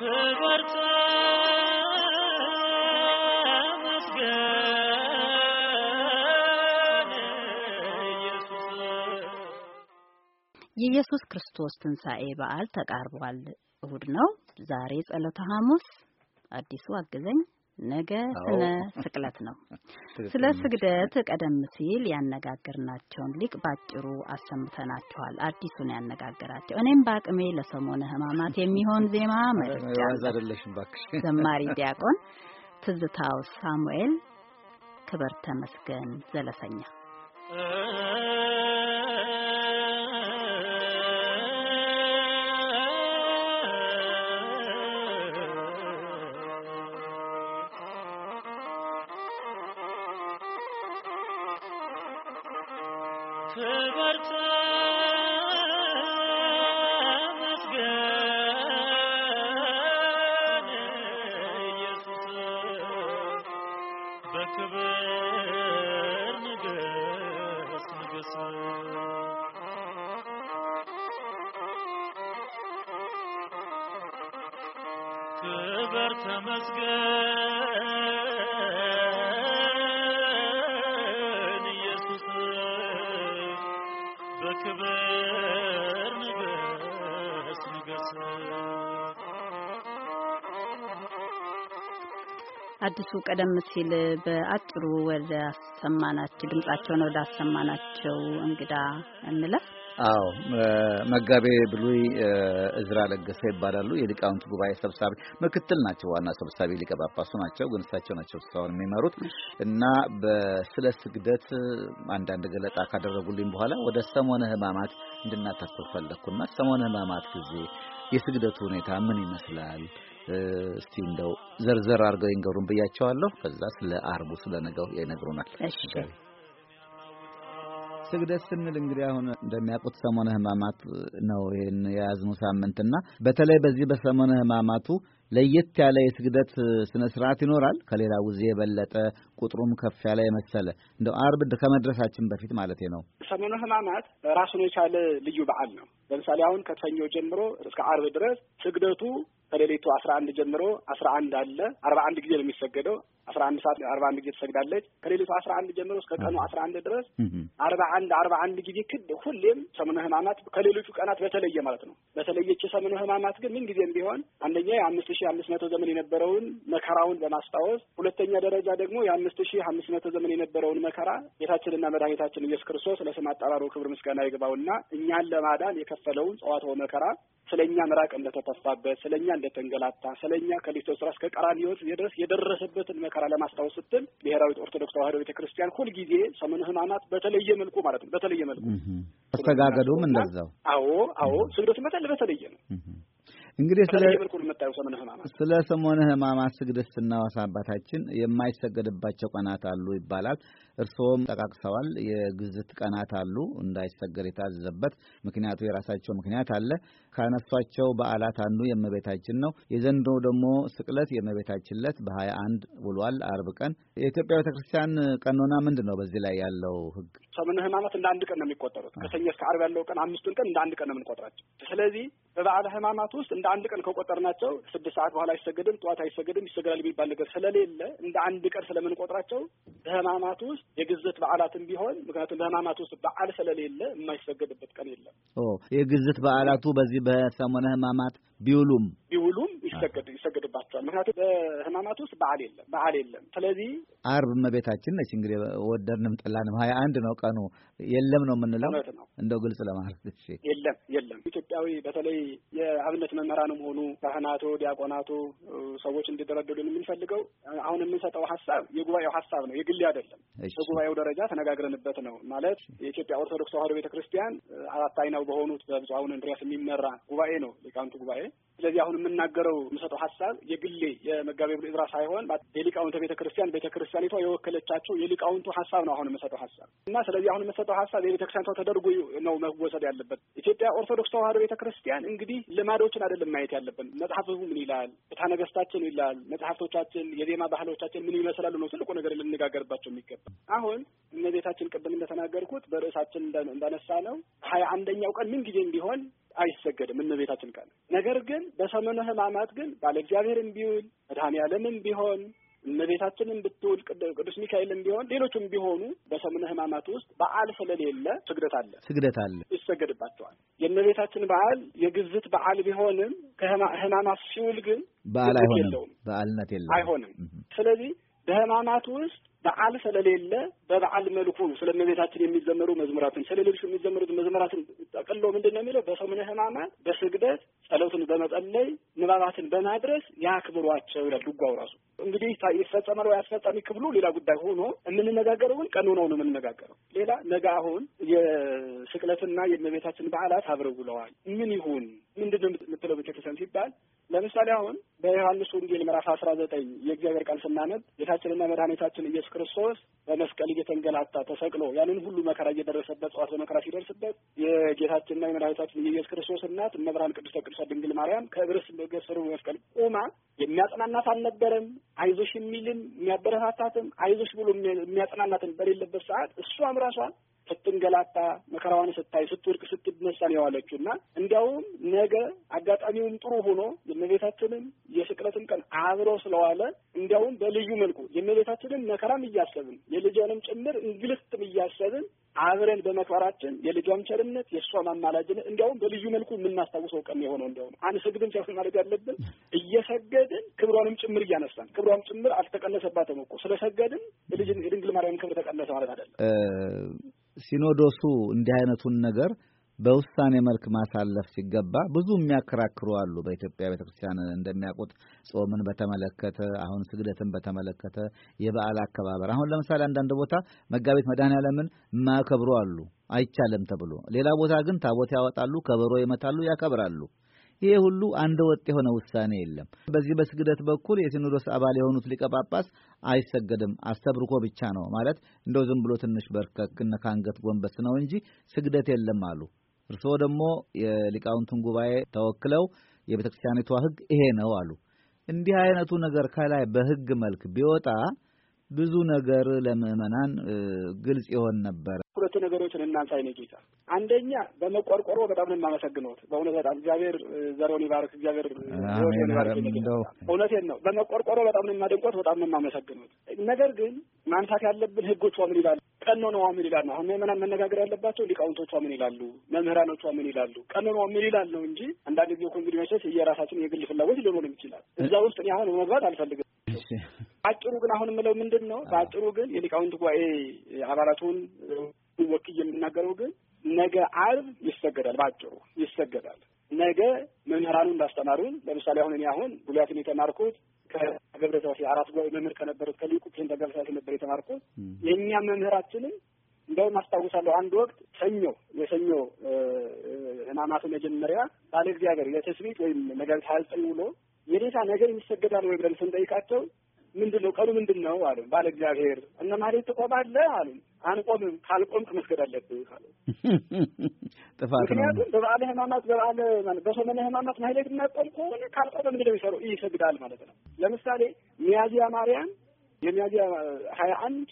የኢየሱስ ክርስቶስ ትንሣኤ በዓል ተቃርቧል። እሁድ ነው ዛሬ ጸሎተ ሐሙስ። አዲሱ አግዘኝ ነገ ስነ ስቅለት ነው። ስለ ስግደት ቀደም ሲል ያነጋገርናቸውን ሊቅ ባጭሩ አሰምተናቸዋል አዲሱን ያነጋገራቸው እኔም በአቅሜ ለሰሞነ ሕማማት የሚሆን ዜማ መርጫለሁ። ዘማሪ ዲያቆን ትዝታው ሳሙኤል ክብር ተመስገን ዘለሰኛ ተመስገን ኢየሱስ በክብር ንገስ ንገስ። አዲሱ ቀደም ሲል በአጭሩ ወደ አሰማናቸው ድምጻቸውን ወደ አሰማናቸው እንግዳ እንለፍ። አዎ መጋቤ ብሉይ እዝራ ለገሰ ይባላሉ። የሊቃውንት ጉባኤ ሰብሳቢ ምክትል ናቸው። ዋና ሰብሳቢ ሊቀ ጳጳሱ ናቸው፣ ግን እሳቸው ናቸው ስራውን የሚመሩት እና በስለ ስግደት አንዳንድ ገለጣ ካደረጉልኝ በኋላ ወደ ሰሞነ ሕማማት እንድናተኩር ፈለግኩና ሰሞነ ሕማማት ጊዜ የስግደቱ ሁኔታ ምን ይመስላል እስቲ እንደው ዘርዘር አድርገው ይንገሩን ብያቸዋለሁ። ከዛ ስለ አርቡ ስለ ነገው ይነግሩናል። ስግደት ስንል እንግዲህ አሁን እንደሚያውቁት ሰሞነ ሕማማት ነው ይህን የያዝኑ ሳምንትና በተለይ በዚህ በሰሞነ ሕማማቱ ለየት ያለ የስግደት ስነ ስርዓት ይኖራል። ከሌላ ጊዜ የበለጠ ቁጥሩም ከፍ ያለ የመሰለ እንደ አርብ ከመድረሳችን በፊት ማለት ነው። ሰሙነ ህማማት ራሱን የቻለ ልዩ በዓል ነው። ለምሳሌ አሁን ከሰኞ ጀምሮ እስከ አርብ ድረስ ስግደቱ ከሌሊቱ አስራ አንድ ጀምሮ አስራ አንድ አለ አርባ አንድ ጊዜ ነው የሚሰገደው። አስራ አንድ ሰዓት አርባ አንድ ጊዜ ትሰግዳለች። ከሌሊቱ አስራ አንድ ጀምሮ እስከ ቀኑ አስራ አንድ ድረስ አርባ አንድ አርባ አንድ ጊዜ ክድ ሁሌም ሰሙነ ህማማት ከሌሎቹ ቀናት በተለየ ማለት ነው። በተለየች የሰሙነ ህማማት ግን ምን ጊዜም ቢሆን አንደኛ የአምስት ሺ አምስት መቶ ዘመን የነበረውን መከራውን በማስታወስ ሁለተኛ ደረጃ ደግሞ የአምስት ሺ አምስት መቶ ዘመን የነበረውን መከራ ጌታችንና መድኃኒታችን ኢየሱስ ክርስቶስ ለስም አጠራሩ ክብር ምስጋና ይግባውና እኛን ለማዳን የከፈለውን ጸዋትወ መከራ ስለ እኛ ምራቅ እንደተተፋበት፣ ስለ እኛ እንደተንገላታ፣ ስለ እኛ ከክርስቶስ ራስ ከቀራንዮ ድረስ የደረሰበትን መከራ ለማስታወስ ስትል ብሔራዊት ኦርቶዶክስ ተዋሕዶ ቤተ ክርስቲያን ሁልጊዜ ሰሙነ ሕማማት በተለየ መልኩ ማለት ነው። በተለየ መልኩ አስተጋገዱም እንደዛው። አዎ አዎ፣ ስግደቱ በተለየ ነው። እንግዲህ ስለ ሰሞነ ህማማት ስግደት ስናወሳ አባታችን የማይሰገድባቸው ቀናት አሉ ይባላል። እርስዎም ጠቃቅሰዋል። የግዝት ቀናት አሉ እንዳይሰገድ የታዘዘበት ምክንያቱ የራሳቸው ምክንያት አለ። ካነሷቸው በዓላት አንዱ የእመቤታችን ነው። የዘንድሮ ደግሞ ስቅለት የእመቤታችን ዕለት በሀያ አንድ ውሏል አርብ ቀን። የኢትዮጵያ ቤተ ክርስቲያን ቀኖና ምንድን ነው? በዚህ ላይ ያለው ህግ ሰሙነ ሕማማት እንደ አንድ ቀን ነው የሚቆጠሩት። ከሰኞ እስከ አርብ ያለው ቀን አምስቱን ቀን እንደ አንድ ቀን ነው የምንቆጥራቸው። ስለዚህ በበዓለ ሕማማት ውስጥ እንደ አንድ ቀን ከቆጠርናቸው ስድስት ሰዓት በኋላ አይሰገድም፣ ጠዋት አይሰገድም፣ ይሰገዳል የሚባል ነገር ስለሌለ እንደ አንድ ቀን ስለምንቆጥራቸው በሕማማት ውስጥ የግዝት በዓላትም ቢሆን ምክንያቱም በሕማማት ውስጥ በዓል ስለሌለ የማይሰገድበት ቀን የለም። የግዝት በዓላቱ በዚህ በሰሞነ ሕማማት ቢውሉም ቢውሉም ይሰገድ ይሰገድባቸዋል። ምክንያቱም በህማማት ውስጥ በዓል የለም በዓል የለም። ስለዚህ አርብ እመቤታችን ነች እንግዲህ ወደድንም ጠላንም ሀያ አንድ ነው ቀኑ የለም ነው የምንለው ነው እንደው ግልጽ ለማለት የለም የለም። ኢትዮጵያዊ በተለይ የአብነት መምህራንም ሆኑ ካህናቱ፣ ዲያቆናቱ ሰዎች እንዲደረደሉን የምንፈልገው አሁን የምንሰጠው ሀሳብ የጉባኤው ሀሳብ ነው የግሌ አይደለም። በጉባኤው ደረጃ ተነጋግረንበት ነው ማለት የኢትዮጵያ ኦርቶዶክስ ተዋሕዶ ቤተክርስቲያን አራት አይናው በሆኑት በብፁዕ አቡነ እንድርያስ የሚመራ ጉባኤ ነው ሊቃውንቱ ጉባኤ ስለዚህ አሁን የምናገረው የምሰጠው ሀሳብ የግሌ የመጋቤ ብሉይ ሳይሆን የሊቃውንተ ቤተ ክርስቲያን ቤተ ክርስቲያኒቷ የወከለቻቸው የሊቃውንቱ ሀሳብ ነው አሁን የምሰጠው ሀሳብ እና ስለዚህ አሁን የምሰጠው ሀሳብ የቤተ ክርስቲያኒቷ ተደርጎ ነው መወሰድ ያለበት። ኢትዮጵያ ኦርቶዶክስ ተዋህዶ ቤተ ክርስቲያን እንግዲህ ልማዶችን አይደለም ማየት ያለብን። መጽሐፍ ምን ይላል፣ ፍትሐ ነገስታችን ይላል፣ መጽሐፍቶቻችን፣ የዜማ ባህሎቻችን ምን ይመስላሉ ነው ትልቁ ነገር ልንነጋገርባቸው የሚገባ አሁን እነቤታችን ቅድም እንደተናገርኩት በርዕሳችን እንዳነሳ ነው ሀያ አንደኛው ቀን ምን ጊዜም ቢሆን አይሰገድም እመቤታችን ቀን። ነገር ግን በሰሙነ ሕማማት ግን ባለ እግዚአብሔርም ቢውል መድኃኔዓለምም ቢሆን እመቤታችንም ብትውል ቅዱስ ሚካኤልም ቢሆን ሌሎቹም ቢሆኑ በሰሙነ ሕማማት ውስጥ በዓል ስለሌለ ስግደት አለ ስግደት አለ ይሰገድባቸዋል። የእመቤታችን በዓል የግዝት በዓል ቢሆንም ከሕማማት ሲውል ግን በዓል አይሆንም፣ በዓልነት የለም አይሆንም። ስለዚህ በሕማማት ውስጥ በዓል ስለሌለ በበዓል መልኩ ስለእመቤታችን የሚዘመሩ መዝሙራትን ስለሌሎች የሚዘመሩት መዝሙራትን ጠቅሎ ምንድን ነው የሚለው በሰሙነ ሕማማት በስግደት ጸሎትን በመጸለይ ንባባትን በማድረስ ያክብሯቸው ይላል። ድጓው ራሱ እንግዲህ ይፈጸመ ያስፈጸሚ ክብሉ ሌላ ጉዳይ ሆኖ የምንነጋገረው ግን ቀኑ ነው የምንነጋገረው። ሌላ ነገ አሁን የስቅለትና የእመቤታችን በዓላት አብረው ውለዋል። ምን ይሁን ምንድን ነው የምትለው ቤተክርስቲያን ሲባል ለምሳሌ አሁን በዮሐንስ ወንጌል ምዕራፍ አስራ ዘጠኝ የእግዚአብሔር ቃል ስናነብ ጌታችንና መድኃኒታችን ኢየሱስ ክርስቶስ በመስቀል እየተንገላታ ተሰቅሎ ያንን ሁሉ መከራ እየደረሰበት ጽዋት በመከራ ሲደርስበት የጌታችንና የመድኃኒታችን የኢየሱስ ክርስቶስ እናት እመብርሃን ቅድስተ ቅዱሳን ድንግል ማርያም ከእብርስ ገሰሩ መስቀል ቁማ የሚያጽናናት አልነበረም። አይዞሽ የሚልም የሚያበረታታትም አይዞሽ ብሎ የሚያጽናናትን በሌለበት ሰዓት እሷም ራሷ ስትንገላታ መከራዋን ስታይ ስትወድቅ ስትነሳ ነው የዋለችው እና እንዲያውም ነገ አጋጣሚውም ጥሩ ሆኖ የእመቤታችንን የስቅለትን ቀን አብሮ ስለዋለ እንዲያውም በልዩ መልኩ የእመቤታችንን መከራም እያሰብን የልጇንም ጭምር እንግልትም እያሰብን አብረን በመክበራችን የልጇም ቸርነት የእሷ አማላጅነት እንዲያውም በልዩ መልኩ የምናስታውሰው ቀን የሆነው እንዲያውም አንሰግድም ሳይሆን ማለት ያለብን እየሰገድን ክብሯንም ጭምር እያነሳን ክብሯም ጭምር አልተቀነሰባትም እኮ ስለሰገድን የድንግል ማርያም ክብር ተቀነሰ ማለት አይደለም። ሲኖዶሱ እንዲህ አይነቱን ነገር በውሳኔ መልክ ማሳለፍ ሲገባ ብዙ የሚያከራክሩ አሉ። በኢትዮጵያ ቤተክርስቲያን እንደሚያውቁት ጾምን በተመለከተ አሁን ስግደትን በተመለከተ የበዓል አከባበር አሁን ለምሳሌ አንዳንድ ቦታ መጋቢት መድኃኔዓለምን የማያከብሩ አሉ፣ አይቻልም ተብሎ ሌላ ቦታ ግን ታቦት ያወጣሉ፣ ከበሮ ይመታሉ፣ ያከብራሉ። ይሄ ሁሉ አንድ ወጥ የሆነ ውሳኔ የለም። በዚህ በስግደት በኩል የሲኖዶስ አባል የሆኑት ሊቀ ጳጳስ አይሰገድም አስተብርኮ ብቻ ነው ማለት እንደው ዝም ብሎ ትንሽ በርከክነ ከአንገት ጎንበስ ነው እንጂ ስግደት የለም አሉ። እርስዎ ደግሞ የሊቃውንቱን ጉባኤ ተወክለው የቤተ ክርስቲያኒቷ ሕግ ይሄ ነው አሉ። እንዲህ አይነቱ ነገር ከላይ በሕግ መልክ ቢወጣ ብዙ ነገር ለምዕመናን ግልጽ ይሆን ነበር። ሁለቱ ነገሮችን እናንሳ። የእኔ ጌታ አንደኛ በመቆርቆሮ በጣም ነው የማመሰግነውት። በእውነት በጣም እግዚአብሔር ዘሮን ይባርክ፣ እግዚአብሔር ዘሮን ይባርክ። እውነቴን ነው። በመቆርቆሮ በጣም ነው የማደንቆት፣ በጣም ነው የማመሰግነውት። ነገር ግን ማንሳት ያለብን ህጎቿ ምን ይላሉ? ቀኖናዋ ምን ይላል ነው። አሁን ምዕመናን መነጋገር ያለባቸው ሊቃውንቶቿ ምን ይላሉ? መምህራኖቿ ምን ይላሉ? ቀኖናዋ ምን ይላል ነው እንጂ አንዳንድ ጊዜ እኮ እንግዲህ መቼስ የራሳችን የግል ፍላጎት ሊኖረን ይችላል። እዛ ውስጥ እኔ አሁን መግባት አልፈልግም። አጭሩ ግን አሁን የምለው ምንድን ነው? በአጭሩ ግን የሊቃውንት ጉባኤ አባላቱን ወክዬ የምናገረው ግን ነገ አርብ ይሰገዳል፣ ባጭሩ ይሰገዳል። ነገ መምህራኑ እንዳስተማሩን ለምሳሌ አሁን እኔ አሁን ጉልያትን የተማርኩት ከገብረሰፊ አራት ጉባኤ መምህር ከነበሩት ከሊቁ ፔንተ ገብረሰፊ ነበር የተማርኩት። የእኛ መምህራችንም እንደውም አስታውሳለሁ አንድ ወቅት ሰኞ የሰኞ ህማማቱ መጀመሪያ ባለ እግዚአብሔር የተስቢት ወይም ነገር ሀያ ውሎ የዴታ ነገር ይሰገዳል ወይ ብለን ስንጠይቃቸው ምንድን ነው ቀኑ ምንድን ነው አሉ። ባለ እግዚአብሔር እነ ማህሌት ትቆማለህ አሉ። አንቆምም፣ ካልቆምክ መስገድ አለብህ አሉ። ጥፋት ምክንያቱም በበዓለ ሕማማት በበዓለ በሰመነ ሕማማት ማህሌት የማይቆም ከሆነ ካልቆመ ምንድን ነው የሚሰራው? ይሰግዳል ማለት ነው። ለምሳሌ ሚያዚያ ማርያም የሚያዚያ ሀያ አንድ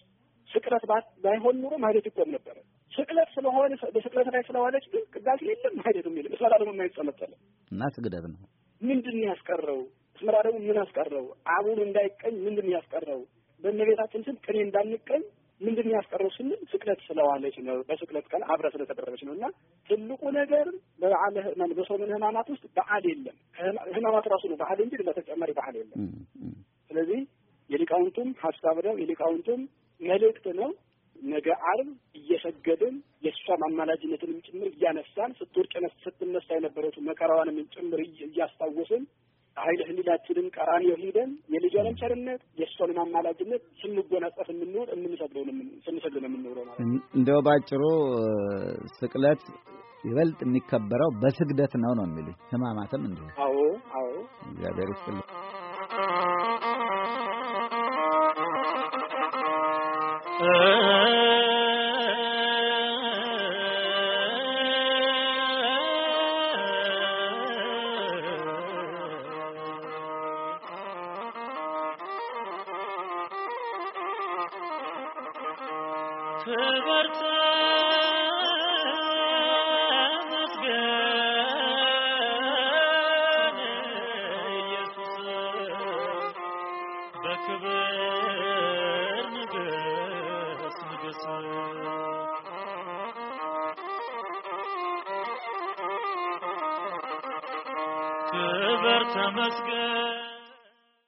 ስቅለት ባይሆን ኑሮ ማህሌት ይቆም ነበረ። ስቅለት ስለሆነ በስቅለት ላይ ስለዋለች ግን ቅዳሴ የለም ማህሌት የሚል ስላ ደግሞ የማይጸመጠለ እና ስግደት ነው ምንድን ያስቀረው ተመራረውን ምን አስቀረው? አቡን እንዳይቀኝ ምንድን ያስቀረው? በእመቤታችን ስም ቅኔ እንዳንቀኝ ምንድን ያስቀረው ስንል ስቅለት ስለዋለች ነው። በስቅለት ቀን አብረ ስለተደረገች ነው። እና ትልቁ ነገር በበዓለ ሕማማት በሰሙነ ውስጥ በዓል የለም። ህማማት ራሱ ነው በዓል እንጂ በተጨማሪ በዓል የለም። ስለዚህ የሊቃውንቱም ሀሳብ ነው፣ የሊቃውንቱም መልእክት ነው። ነገ አርብ እየሰገድን የእሷም አማላጅነትንም ጭምር እያነሳን ስትወድቅ ስትነሳ የነበረችው መከራዋንም ጭምር እያስታወስን ኃይለ ሕሊናችንን ቀራን የሂደን የልጇንም ቸርነት የእሷንን አማላጅነት ስንጎናጸፍ የምንኖር ስንሰግድ ነው የምንኖረው ማለት ነው። እንደው ባጭሩ ስቅለት ይበልጥ የሚከበረው በስግደት ነው ነው የሚሉኝ። ሕማማትም እንዲሁ። አዎ አዎ። እግዚአብሔር ይስጥልኝ። Oh ክብር ተመስገን